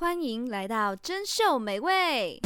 歡迎來到真秀美味，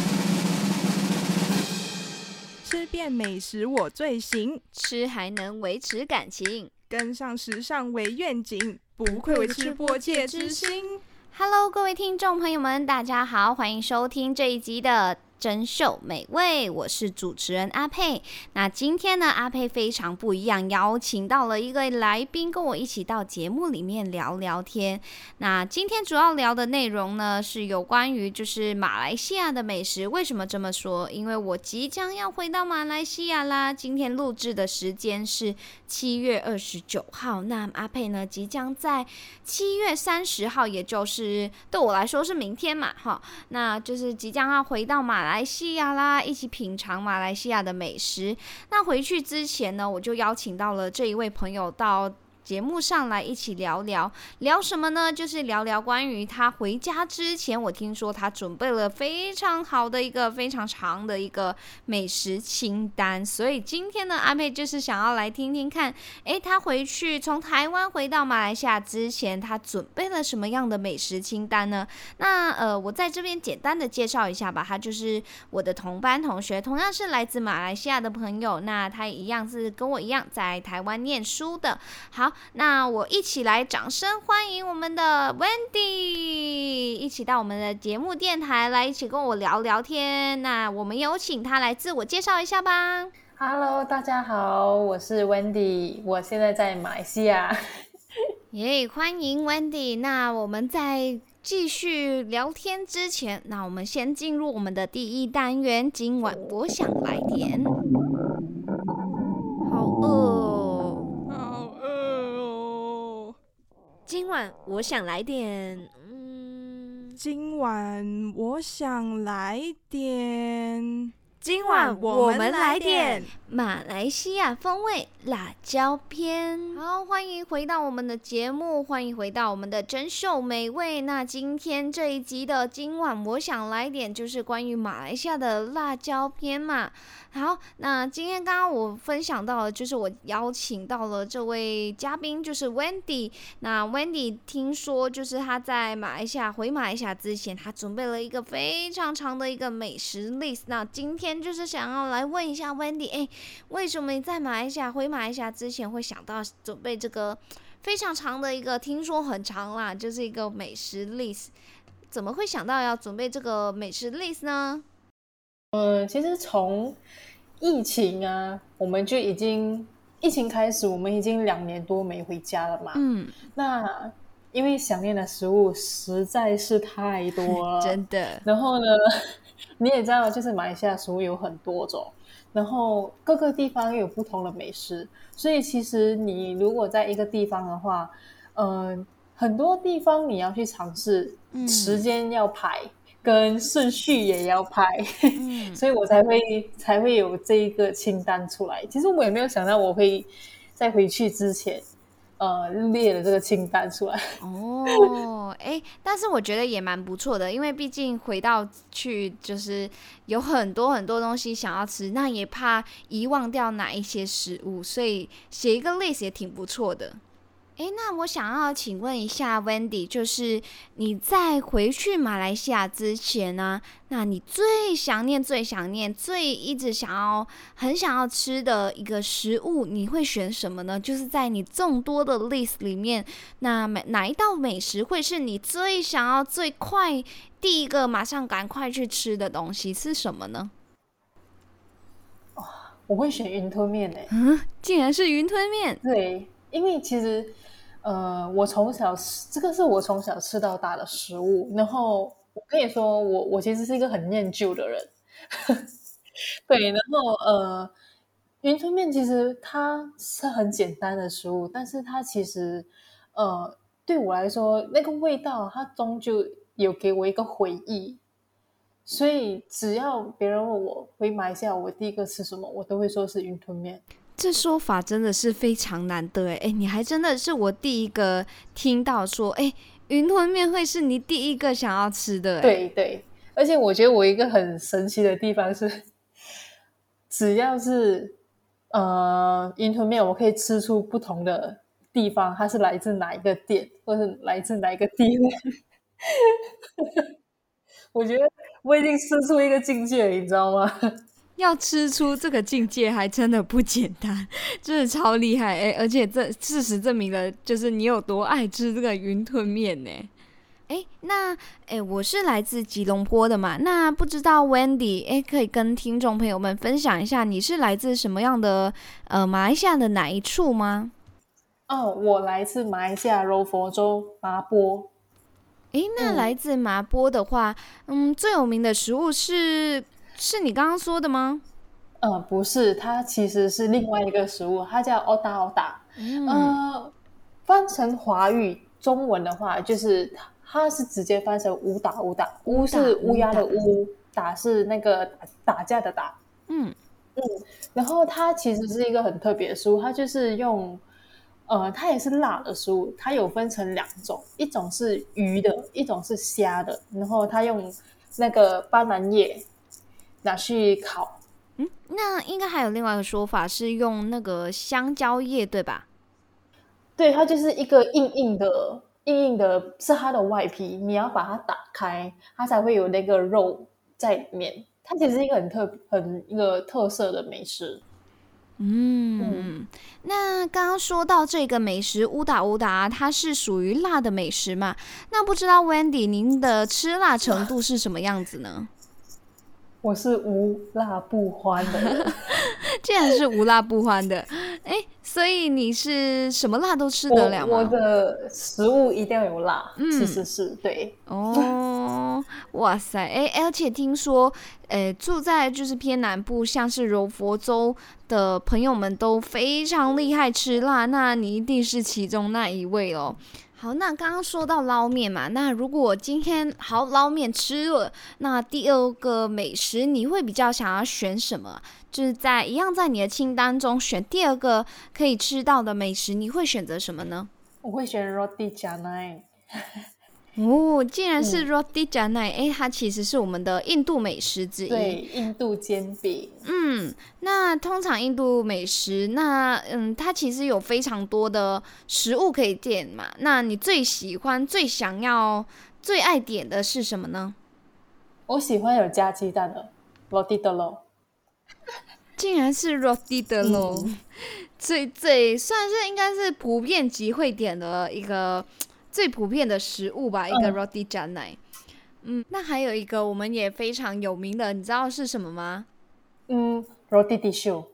吃遍美食我最行，吃還能維持感情，跟上時尚為願景，不愧為吃播界之星。 Hello，各位聽眾朋友們，大家好，歡迎收聽這一集的。珍饈美味，我是主持人阿佩。那今天呢，阿佩非常不一樣，邀請到了一位來賓，跟我一起到節目裡面聊聊天。那今天主要聊的內容呢，是有關於就是馬來西亞的美食。為什麼這麼說？因為我即將要回到馬來西亞啦。今天錄制的時間是七月二十九號，那阿佩呢，即將在七月三十號，也就是對我來說是明天嘛，哈，那就是即將要回到馬來西亞。馬來西亞啦，一起品嚐馬來西亞的美食。那回去之前呢，我就邀請到了這一位朋友到。節目上來一起聊聊，聊什麼呢？就是聊聊關於他回家之前，我聽說他準備了非常好的一個非常長的一個美食清單，所以今天呢，阿妹就是想要來聽聽看，誒，他回去從台灣回到馬來西亞之前，他準備了什麼樣的美食清單呢？那呃，我在這邊簡單的介紹一下吧，他就是我的同班同學，同樣是來自馬來西亞的朋友，那他也一樣是跟我一樣在台灣念書的，好。那我一起來掌聲歡迎我們的 Wendy，一起到我們的節目電台來一起跟我聊聊天。那我們有請她來自我介紹一下吧。Hello，大家好，我是 Wendy，我現在在馬來西亞。耶！ ，yeah, 歡迎 Wendy。那我們在繼續聊天之前，那我們先進入我們的第一單元。今晚我想來點。今晚我想來點，嗯，今晚我想來點，今晚我們來點，我們來點馬來西亞風味辣椒篇。好，歡迎回到我們的節目，歡迎回到我們的珍饈美味。那今天這一集的今晚我想來點，就是關於馬來西亞的辣椒篇嘛。好，那今天剛剛我分享到了，就是我邀請到了這位嘉賓，就是 Wendy。那 Wendy 聽說就是她在馬來西亞回馬來西亞之前，她準備了一個非常長的一個美食 list。那今天就是想要來問一下 Wendy，哎，為什麼你在馬來西亞回馬來西亞之前會想到準備這個非常長的一個，聽說很長啦，就是一個美食 list，怎麼會想到要準備這個美食 list 呢？嗯、呃，其實從疫情啊，我們就已經疫情開始，我們已經兩年多沒回家了嘛。嗯，那因為想念的食物實在是太多了，真的。然後呢，你也知道，就是馬來西亞食物有很多種，然後各個地方又有不同的美食，所以其實你如果在一個地方的話，嗯、呃，很多地方你要去嘗試，嗯、時間要排。跟順序也要拍，嗯、 所以我才會才會有這一個清單出來。其實我也沒有想到我會在回去之前，呃，列了這個清單出來。哦，哎、欸，但是我覺得也蠻不錯的，因為畢竟回到去就是有很多很多東西想要吃，那也怕遺忘掉哪一些食物，所以寫一個 list 也挺不錯的。哎、欸，那我想要請問一下，Wendy，就是你在回去馬來西亞之前呢、啊，那你最想念、最想念、最一直想要、很想要吃的一個食物，你會選什麼呢？就是在你眾多的 list 裡面，那每哪一道美食會是你最想要、最快、第一個馬上趕快去吃的東西是什麼呢？我會選雲吞麵呢、欸。嗯，竟然是雲吞麵。對，因為其實。呃，我從小吃這個是我從小吃到大的食物。然後我跟你說，我我其實是一個很念舊的人， 對。然後呃，雲吞麵其實它是很簡單的食物，但是它其實呃對我來說，那個味道它終究有給我一個回憶。所以只要別人問我回馬來西亞我第一個吃什麼，我都會說是雲吞麵。這說法真的是非常難得誒，你還真的是我第一個聽到說，誒雲吞麵會是你第一個想要吃的誒，對對。而且我覺得我一個很神奇的地方是，只要是呃雲吞麵，我可以吃出不同的地方，它是來自哪一個店，或是來自哪一個地方。 我覺得我已經吃出一個境界了，你知道嗎？要吃出這個境界還真的不簡單，真的超厲害哎！而且這事實證明了，就是你有多愛吃這個雲吞麵呢？哎，那哎，我是來自吉隆坡的嘛？那不知道 Wendy 哎，可以跟聽眾朋友們分享一下，你是來自什麼樣的呃馬來西亞的哪一處嗎？哦，我來自馬來西亞柔佛州麻坡。那來自麻坡的話，嗯，嗯，最有名的食物是，是你剛剛說的嗎？嗯、呃，不是，它其實是另外一個食物，它叫 o da o da “歐打歐打”。嗯、呃，翻成華語中文的話，就是它，它是直接翻成“烏打烏打”，“烏打”是烏鴉的“烏”，“烏打”打是那個打架的“打”嗯。嗯嗯，然後它其實是一個很特別的食物，它就是用呃，它也是辣的食物，它有分成兩種，一種是魚的，嗯、一種是蝦的，然後它用那個班蘭葉。拿去烤，嗯，那應該還有另外一個說法是用那個香蕉葉，對吧？對，它就是一個硬硬的、硬硬的，是它的外皮，你要把它打開，它才會有那個肉在裡面。它其實是一個很特、很一個特色的美食。嗯，嗯，那剛剛說到這個美食烏達烏達，它是屬於辣的美食嘛？那不知道 Wendy 您的吃辣程度是什麼樣子呢？ 我是無辣不歡的，竟 然是無辣不歡的、 欸，所以你是什麼辣都吃得了嗎？我，我的食物一定要有辣，嗯、是是是對。哦，哇塞，哎、欸，而且聽說、欸，住在就是偏南部，像是柔佛州的朋友們都非常厲害吃辣，那你一定是其中那一位哦。好，那剛剛說到撈麵嘛，那如果今天好撈麵吃了，那第二個美食你會比較想要選什麼？就是在一樣在你的清單中選第二個可以吃到的美食，你會選擇什麼呢？我會選 Roti Canai。 哦，竟然是 roti canai，嗯、它其實是我們的印度美食之一。對，印度煎餅。嗯，那通常印度美食，那嗯，它其實有非常多的食物可以點嘛。那你最喜歡、最想要、最愛點的是什麼呢？我喜歡有加雞蛋的 roti telur。 竟然是 roti telur，最最算是應該是普遍集會點的一個。最普遍的食物吧，嗯、一個 Roti Canai，嗯，那還有一個我們也非常有名的，你知道是什麼嗎？嗯，Roti Tissue。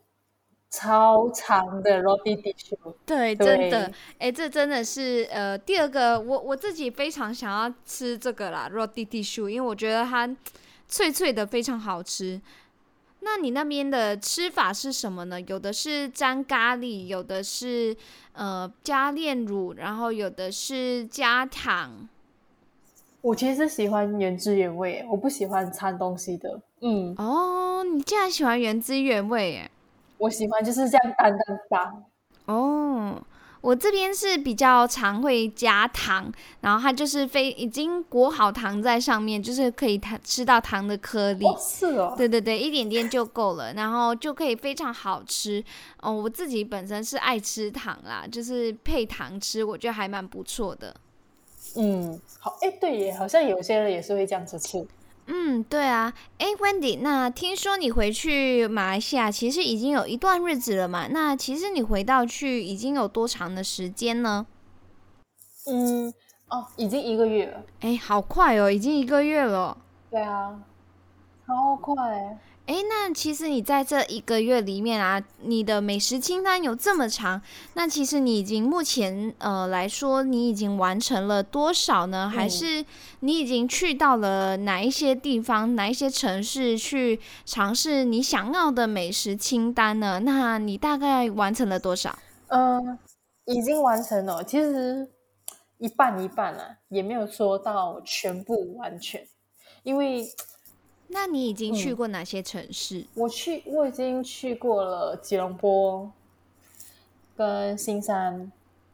超長的 Roti Tissue。對，對真的，哎，這真的是呃，第二個我我自己非常想要吃這個啦，Roti Tissue，因為我覺得它脆脆的，非常好吃。那你那邊的吃法是什麼呢？有的是沾咖喱，有的是呃加煉乳，然後有的是加糖。我其實是喜歡原汁原味，我不喜歡摻東西的。嗯，哦，oh, 你竟然喜歡原汁原味耶！我喜歡就是這樣單單吃。哦。Oh. 我這邊是比較常會加糖，然後它就是非已經裹好糖在上面，就是可以它吃到糖的顆粒。哦是哦。對對對，一點點就夠了，然後就可以非常好吃哦。我自己本身是愛吃糖啦，就是配糖吃，我覺得還蠻不錯的。嗯，好，哎，對耶，好像有些人也是會這樣子吃。嗯，對啊，哎，Wendy，那聽說你回去馬來西亞，其實已經有一段日子了嘛？那其實你回到去已經有多長的時間呢？嗯，哦，已經一個月了。哎，好快哦，已經一個月了。對啊，超快。誒，那其實你在這一個月裡面啊，你的美食清單有這麼長，那其實你已經目前呃來說，你已經完成了多少呢？還是你已經去到了哪一些地方，哪一些城市去嘗試你想要的美食清單呢？那你大概完成了多少？嗯，已經完成了，其實一半一半了啊，也沒有說到全部完全，因為。那你已經去過哪些城市？嗯，我去，我已經去過了吉隆坡跟新山，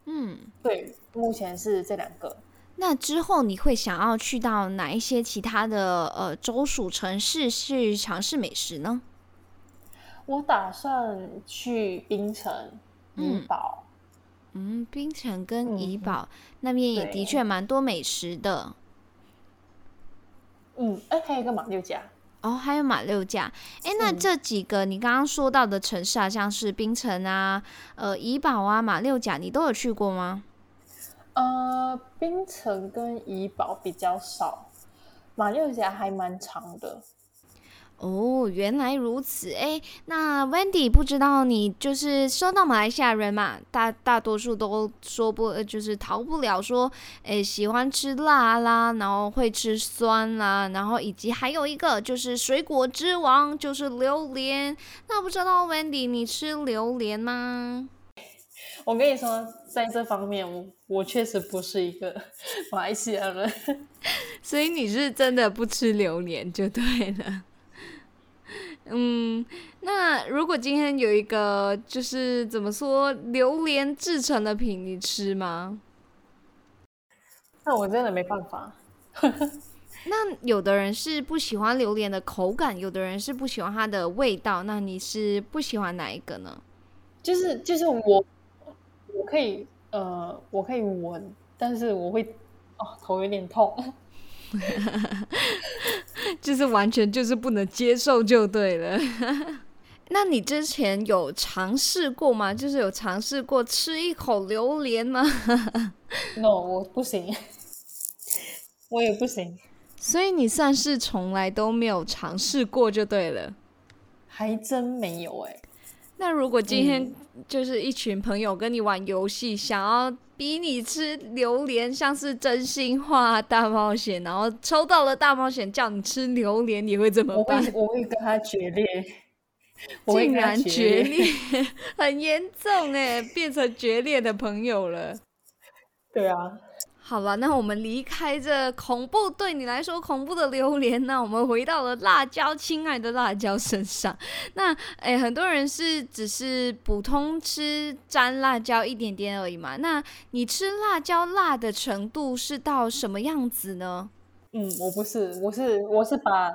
嗯，對，目前是這兩個。那之後你會想要去到哪一些其他的呃州屬城市去嘗試美食呢？我打算去檳城、怡保、嗯。嗯，檳城跟怡保，嗯，那邊也的確蠻多美食的。嗯，誒，還有一個馬六甲，哦，還有馬六甲，哎，那這幾個你剛剛說到的城市啊，嗯、像是檳城啊，呃，怡保啊，馬六甲，你都有去過嗎？呃，檳城跟怡保比較少，馬六甲還蠻長的。哦，原來如此。哎，那 Wendy 不知道你就是說到馬來西亞人嘛，大大多數都說不，就是逃不了說，哎，喜歡吃辣啦，然後會吃酸啦，然後以及還有一個就是水果之王就是榴蓮。那不知道 Wendy 你吃榴蓮嗎？我跟你說，在這方面我，我確實不是一個馬來西亞人，所以你是真的不吃榴蓮就對了。嗯，那如果今天有一個就是怎麼說榴蓮製成的品，你吃嗎？那我真的沒辦法。 那有的人是不喜歡榴蓮的口感，有的人是不喜歡它的味道，那你是不喜歡哪一個呢？就是就是我，我可以呃，我可以聞，但是我會哦，頭有點痛。 就是完全就是不能接受就對了。 那你之前有嘗試過嗎？就是有嘗試過吃一口榴蓮嗎 ？No，我不行， 我也不行。所以你算是從來都沒有嘗試過就對了。還真沒有哎。那如果今天就是一群朋友跟你玩遊戲，嗯、想要。比你吃榴蓮，像是真心話大冒險，然後抽到了大冒險，叫你吃榴蓮，你會怎麼辦？我會，我會跟他決裂，竟然跟決裂，決裂 很嚴重哎，變成決裂的朋友了。對啊。好了，那我們離開這恐怖，對你來說恐怖的榴蓮那我們回到了辣椒、親愛的辣椒身上。那誒，很多人是只是普通吃沾辣椒一點點而已嘛。那你吃辣椒辣的程度是到什麼樣子呢？嗯，我不是，我是我是把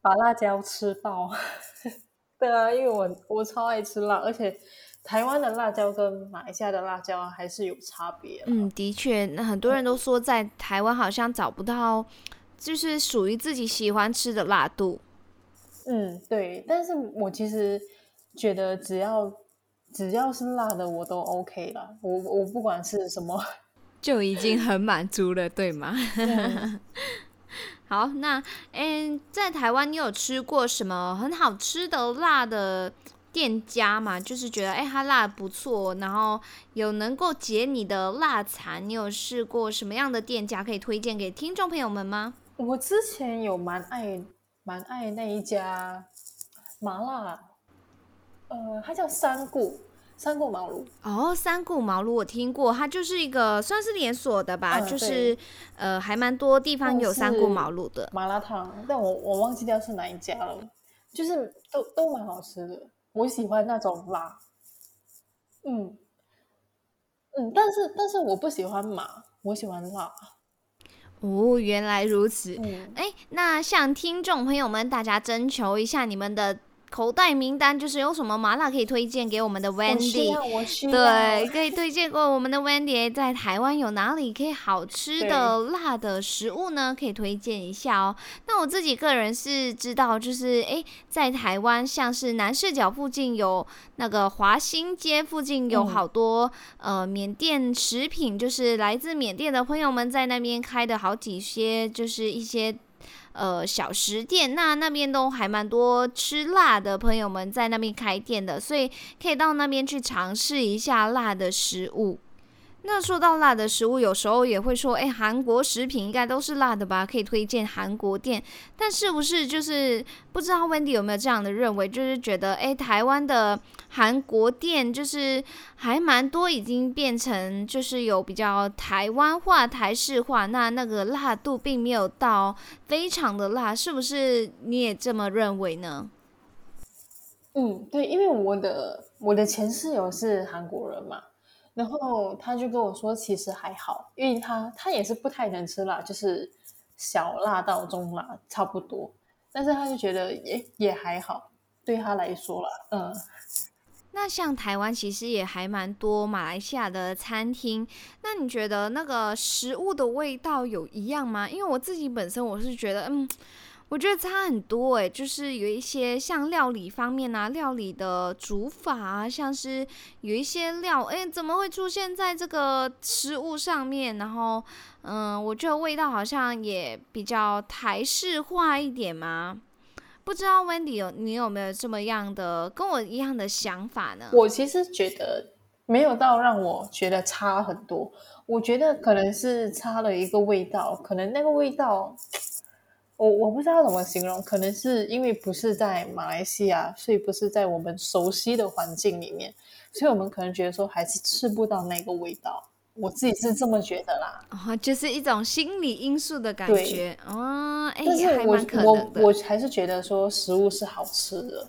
把辣椒吃到。 對啊，因為我我超愛吃辣，而且。台灣的辣椒跟馬來西亞的辣椒還是有差別。嗯，的確，那很多人都說在台灣好像找不到，就是屬於自己喜歡吃的辣度。嗯，對。但是我其實覺得只要只要是辣的我都 OK 了。我我不管是什麼，就已經很滿足了， 對嗎？嗯、好，那嗯、欸，在台灣你有吃過什麼很好吃的辣的？店家嘛，就是覺得哎，他，欸、辣不錯，然後有能夠解你的辣饞。你有試過什麼樣的店家可以推薦給聽眾朋友們嗎？我之前有蠻愛，蠻愛那一家麻辣，呃，它叫三顧，三顧茅廬。哦，三顧茅廬我聽過，它就是一個算是連鎖的吧，呃、就是呃，還蠻多地方有三顧茅廬的、哦、麻辣燙，但我我忘記掉是哪一家了，就是都都蠻好吃的。我喜歡那種辣，嗯，嗯，但是但是我不喜歡麻，我喜歡辣。哦，原來如此。哎、嗯，那向聽眾朋友們大家徵求一下你們的。口袋名單，就是有什麼麻辣可以推薦給我們的 Wendy？對，可以推薦給我們的 Wendy。在台灣有哪裡可以好吃的辣的食物呢？可以推薦一下哦。對那我自己個人是知道，就是誒，在台灣像是南勢角附近有那個華新街附近有好多、嗯、呃緬甸食品，就是來自緬甸的朋友們在那邊開的好幾些，就是一些。呃，小食店，那那邊都還蠻多吃辣的朋友們在那邊開店的，所以可以到那邊去嘗試一下辣的食物。那說到辣的食物，有時候也會說：“哎，韓國食品應該都是辣的吧？可以推薦韓國店。”但是不是就是不知道 Wendy 有沒有這樣的認為，就是覺得：“哎，台灣的韓國店就是還蠻多，已經變成就是有比較台灣化、台式化，那那個辣度並沒有到非常的辣，是不是你也這麼認為呢？嗯，對，因為我的我的前室友是韓國人嘛。然後他就跟我說，其實還好，因為他他也是不太能吃辣，就是小辣到中辣差不多。但是他就覺得也也還好，對他來說啦，嗯。那像台灣其實也還蠻多馬來西亞的餐廳，那你覺得那個食物的味道有一樣嗎？因為我自己本身我是覺得，嗯。我覺得差很多欸，就是有一些像料理方面啊，料理的煮法啊，像是有一些料欸，怎麼會出現在這個食物上面？然後，嗯，我覺得味道好像也比較台式化一點嘛。不知道 Wendy 有你有沒有這麼樣的跟我一樣的想法呢？我其實覺得沒有到讓我覺得差很多，我覺得可能是差了一個味道，可能那個味道。我我不知道怎麼形容，可能是因為不是在馬來西亞，所以不是在我們熟悉的環境裡面，所以我們可能覺得說還是吃不到那個味道。我自己是這麼覺得啦，哦，就是一種心理因素的感覺。對哦。但是我，還蠻可能我我我還是覺得說食物是好吃的，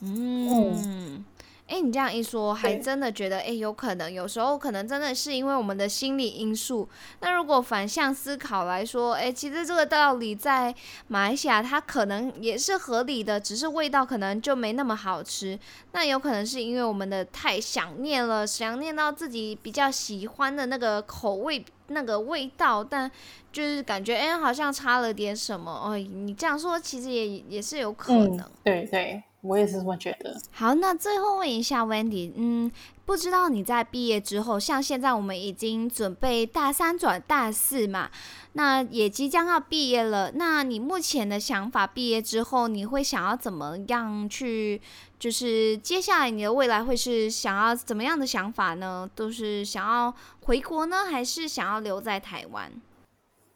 嗯。嗯欸，你這樣一說，還真的覺得欸，有可能，有時候可能真的是因為我們的心理因素。那如果反向思考來說，欸，其實這個道理在馬來西亞，它可能也是合理的，只是味道可能就沒那麼好吃。那有可能是因為我們的太想念了，想念到自己比較喜歡的那個口味那個味道，但就是感覺欸，好像差了點什麼哦，欸，你這樣說，其實也也是有可能。嗯，對對。我也是這麼覺得。好，那最後問一下 Wendy，嗯，不知道你在畢業之後，像現在我們已經準備大三轉大四嘛，那也即將要畢業了。那你目前的想法，畢業之後你會想要怎麼樣去？就是接下來你的未來會是想要怎麼樣的想法呢？都是想要回國呢，還是想要留在台灣？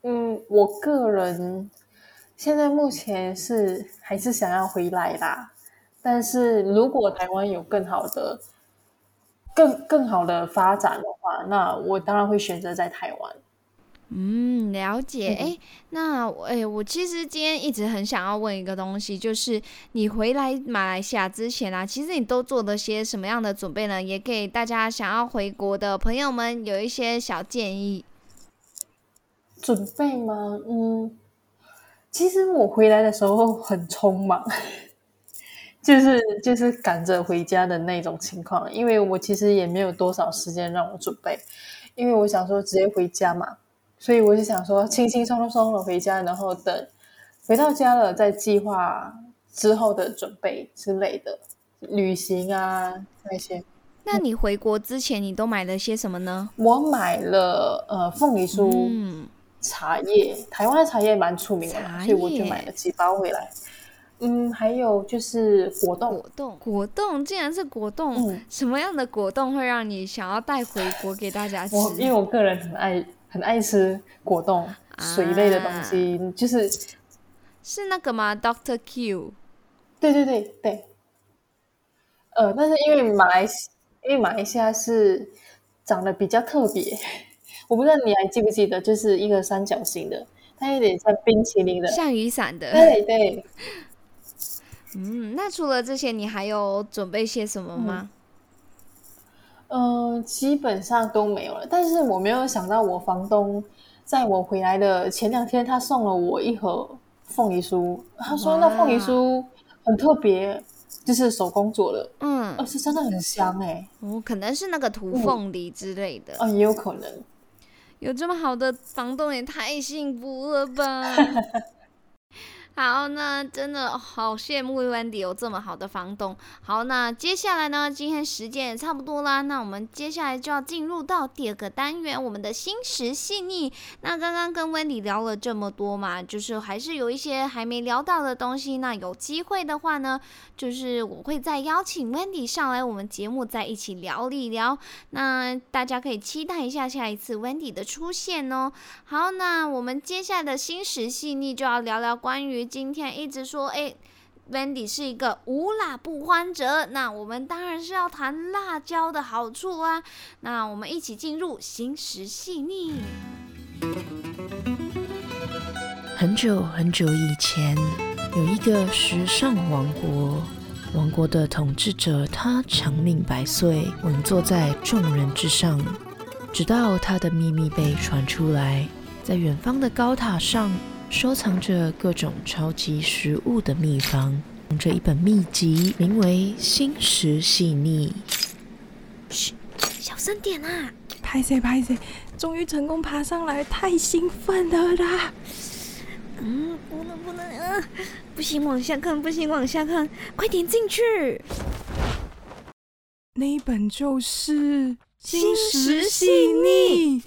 嗯，我個人現在目前是還是想要回來吧。但是如果台灣有更好的、更更好的發展的話，那我當然會選擇在台灣。嗯，了解。誒、嗯欸，那誒、欸，我其實今天一直很想要問一個東西，就是你回來馬來西亞之前啊，其實你都做了些什麼樣的準備呢？也給大家想要回國的朋友們有一些小建議。準備嗎？嗯，其實我回來的時候很匆忙。就是就是趕着回家的那種情況，因為我其實也沒有多少時間讓我準備，因為我想說直接回家嘛，所以我就想說輕輕鬆鬆鬆的回家，然後等回到家了再計劃之後的準備之類的旅行啊那些。那你回國之前你都買了些什麼呢？我買了呃鳳梨酥，嗯，茶葉，台灣的茶葉蠻出名的，茶葉，所以我就買了幾包回來。嗯，還有就是果凍，果凍，果凍，竟然是果凍！嗯、什麼樣的果凍會讓你想要帶回國給大家吃？我因為我個人很愛很愛吃果凍，啊、水類的東西，就是是那個嗎？Doctor Q，對對對對，呃，但是因為馬來西對因為馬來西亞是長得比較特別，我不知道你還記不記得，就是一個三角形的，它有點像冰淇淋的，像雨傘的，對、哎、對。嗯，那除了這些，你還有準備些什麼嗎？嗯、呃，基本上都沒有了。但是我沒有想到，我房東在我回來的前兩天，他送了我一盒鳳梨酥。他說那鳳梨酥很特別，哇就是手工做的。嗯，而是真的很香哎、欸。哦，可能是那個土鳳梨之類的。哦、嗯呃，也有可能。有這麼好的房東，也太幸福了吧！ 好，那真的好羨慕 Wendy 有，哦，這麼好的房東。好，那接下來呢，今天時間也差不多啦，那我們接下來就要進入到第二個單元，我們的心食細膩。那剛剛跟 Wendy 聊了這麼多嘛，就是還是有一些還沒聊到的東西。那有機會的話呢，就是我會再邀請 Wendy 上來，我們節目再一起聊一聊。那大家可以期待一下下一次 Wendy 的出現哦。好，那我們接下來的心食細膩就要聊聊關於。今天一直說，哎、欸、，Wendy 是一個無辣不歡者，那我們當然是要談辣椒的好處啊。那我們一起進入《心食細膩》。很久很久以前，有一個時尚王國，王國的統治者他長命百歲，穩坐在眾人之上，直到他的秘密被傳出來，在遠方的高塔上。收藏着各種超級食物的秘方，捧着一本秘籍，名為《心食細膩》。噓，小聲點啊，拍子拍子，終於成功爬上來，太興奮了啦！嗯，不能不能，啊，不行，往下看，不行，往下看，快點進去。那一本就是《心食細膩》。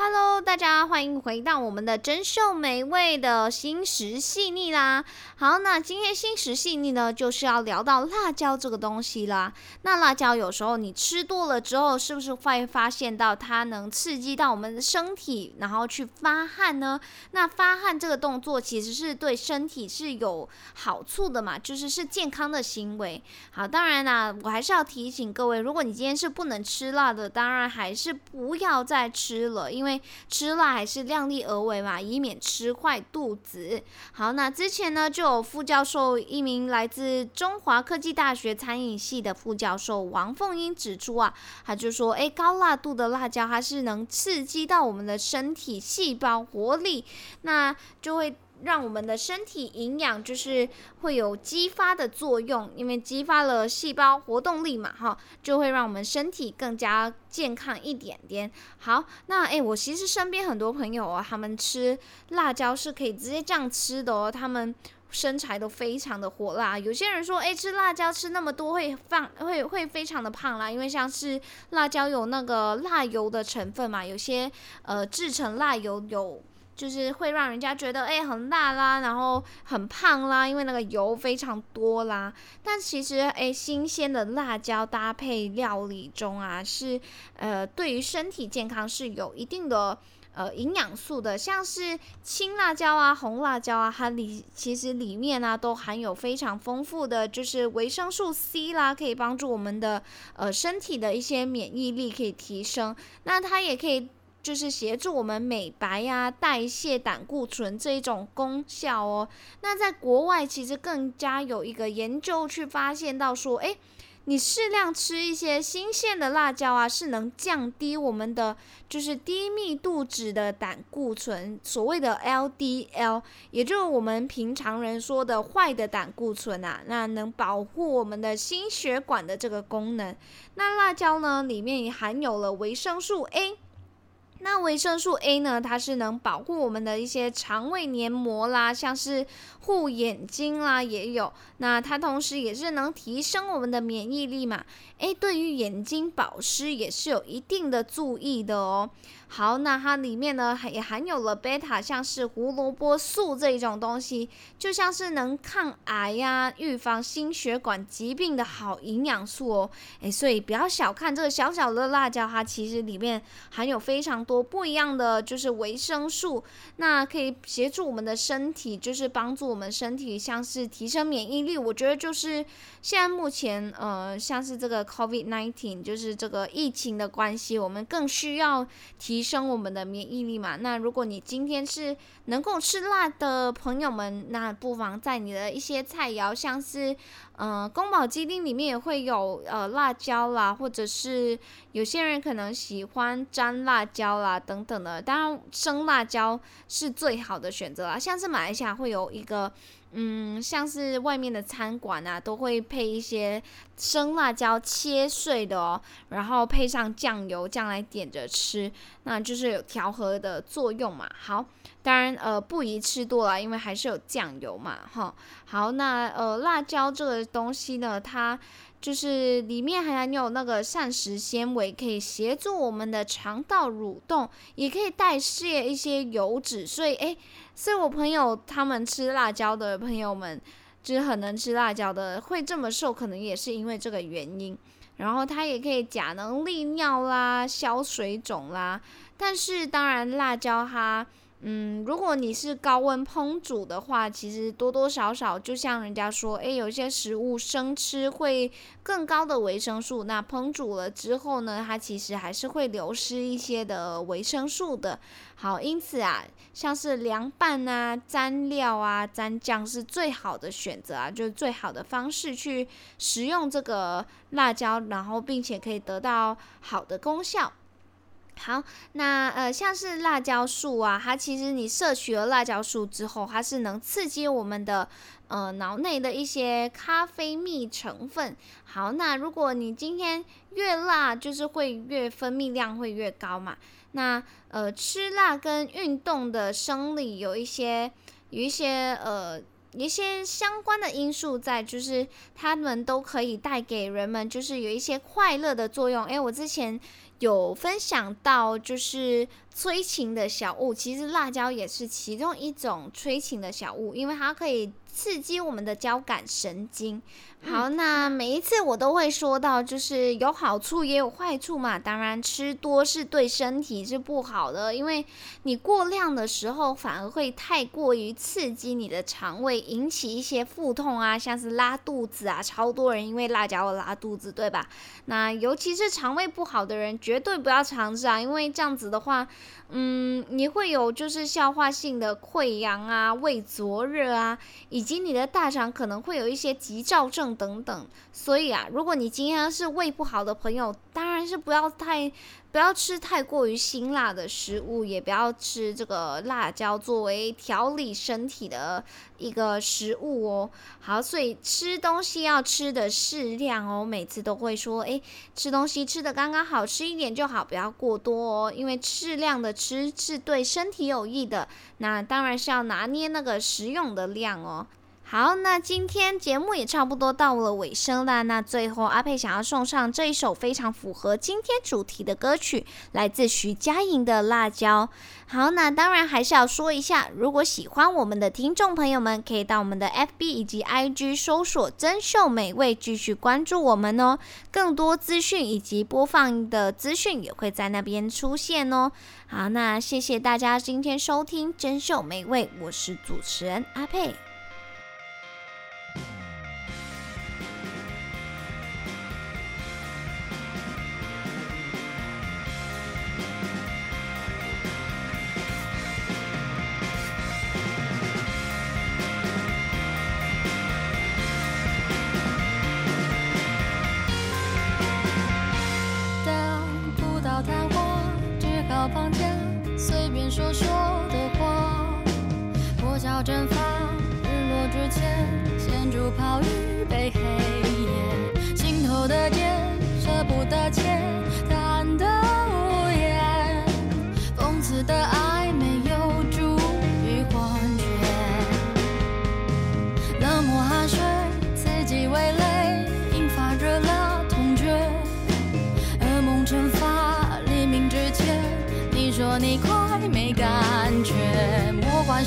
Hello，大家歡迎回到我們的珍饈美味的心食細膩啦。好，那今天心食細膩呢，就是要聊到辣椒這個東西啦。那辣椒有時候你吃多了之後，是不是會發現到它能刺激到我們的身體，然後去發汗呢？那發汗這個動作其實是對身體是有好處的嘛，就是是健康的行為。好，當然啦，我還是要提醒各位，如果你今天是不能吃辣的，當然還是不要再吃了，因為。因為吃辣還是量力而為嘛，以免吃壞肚子。好，那之前呢就有副教授，一名來自中華科技大學餐飲系的副教授王鳳英指出啊，他就說，哎，高辣度的辣椒它是能刺激到我們的身體細胞活力，那就會。讓我們的身體營養就是會有激發的作用，因為激發了細胞活動力嘛，哈，就會讓我們身體更加健康一點點。好，那誒，我其實身邊很多朋友啊，他們吃辣椒是可以直接這樣吃的哦，他們身材都非常的火辣。有些人說，誒，吃辣椒吃那麼多會放會會非常的胖啦，因為像是辣椒有那個辣油的成分嘛，有些呃製成辣油有。就是會讓人家覺得哎，很辣啦，然後很胖啦，因為那個油非常多啦。但其實哎，新鮮的辣椒搭配料理中啊，是呃對於身體健康是有一定的呃營養素的，像是青辣椒啊、紅辣椒啊，它裡其實裡面呢，都含有非常豐富的就是維生素 C 啦，可以幫助我們的呃身體的一些免疫力可以提升，那它也可以。就是協助我們美白呀、啊、代謝膽固醇這一種功效哦。那在國外其實更加有一個研究去發現到說，哎，你適量吃一些新鮮的辣椒啊，是能降低我們的就是低密度脂的膽固醇，所謂的 LDL，也就是我們平常人說的壞的膽固醇啊，那能保護我們的心血管的這個功能。那辣椒呢，裡面也含有了維生素 A。那維生素 A 呢，它是能保護我們的一些腸胃黏膜啦，像是護眼睛啦也有。那它同時也是能提升我們的免疫力嘛，哎，對於眼睛保濕也是有一定的注意的哦。好，那它裡面呢還也含有了貝塔，像是胡蘿蔔素這一種東西，就像是能抗癌呀、啊、預防心血管疾病的好營養素哦。哎、欸，所以不要小看這個小小的辣椒，它其實裡面含有非常多不一樣的，就是維生素，那可以協助我們的身體，就是幫助我們身體，像是提升免疫力。我覺得就是現在目前，呃，像是這個 COVID-19，就是這個疫情的關係，我們更需要提。提升我們的免疫力嘛。那如果你今天是能夠吃辣的朋友們，那不妨在你的一些菜餚，像是嗯、呃、宮保雞丁裡面也會有呃辣椒啦，或者是有些人可能喜歡沾辣椒啦等等的，當然生辣椒是最好的選擇啊。像是馬來西亞會有一個。嗯，像是外面的餐館啊，都會配一些生辣椒切碎的哦，然後配上醬油這樣來點着吃，那就是有調和的作用嘛。好，當然呃不宜吃多了，因為還是有醬油嘛。哈，好，那呃辣椒這個東西呢，它。就是裡面還含有那個膳食纖維，可以協助我們的腸道蠕動，也可以代謝一些油脂。所以，哎、欸，所以我朋友他們吃辣椒的朋友們，就是很能吃辣椒的，會這麼瘦，可能也是因為這個原因。然後，它也可以鉀能利尿啦，消水腫啦。但是，當然，辣椒它。嗯，如果你是高溫烹煮的話，其實多多少少就像人家說，哎，有些食物生吃會更高的維生素，那烹煮了之後呢，它其實還是會流失一些的維生素的。好，因此啊，像是涼拌啊、蘸料啊、蘸醬是最好的選擇啊，就是最好的方式去食用這個辣椒，然後並且可以得到好的功效。好，那呃，像是辣椒素啊，它其實你攝取了辣椒素之後，它是能刺激我們的呃腦內的一些咖啡蜜成分。好，那如果你今天越辣，就是會越分泌量會越高嘛。那呃，吃辣跟運動的生理有一些有一些呃一些相關的因素在，就是他們都可以帶給人們就是有一些快樂的作用。誒，我之前。有分享到，就是，催情的小物，其實辣椒也是其中一種催情的小物，因為它可以刺激我們的交感神經。好，那每一次我都會說到，就是有好處也有壞處嘛。當然吃多是對身體是不好的，因為你過量的時候反而會太過於刺激你的腸胃，引起一些腹痛啊，像是拉肚子啊，超多人因為辣椒拉肚子，對吧？那尤其是腸胃不好的人，絕對不要嘗試啊，因為這樣子的話。嗯，你會有就是消化性的潰瘍啊、胃灼熱啊，以及你的大腸可能會有一些急躁症等等。所以啊，如果你今天是胃不好的朋友。當然是不要太，不要吃太過於辛辣的食物，也不要吃這個辣椒作為調理身體的一個食物哦。好，所以吃東西要吃的適量哦。每次都會說，哎，吃東西吃的剛剛好，吃一點就好，不要過多哦。因為適量的吃是對身體有益的。那當然是要拿捏那個食用的量哦。好，那今天節目也差不多到了尾聲了。那最後阿佩想要送上這一首非常符合今天主題的歌曲，來自徐佳瑩的《辣椒》。好，那當然還是要說一下，如果喜歡我們的聽眾朋友們，可以到我們的 FB 以及 IG 搜索“真饈美味”，繼續關注我們哦。更多資訊以及播放的資訊也會在那邊出現哦。好，那謝謝大家今天收聽“真饈美味”，我是主持人阿佩。等不到炭火，只好放棄。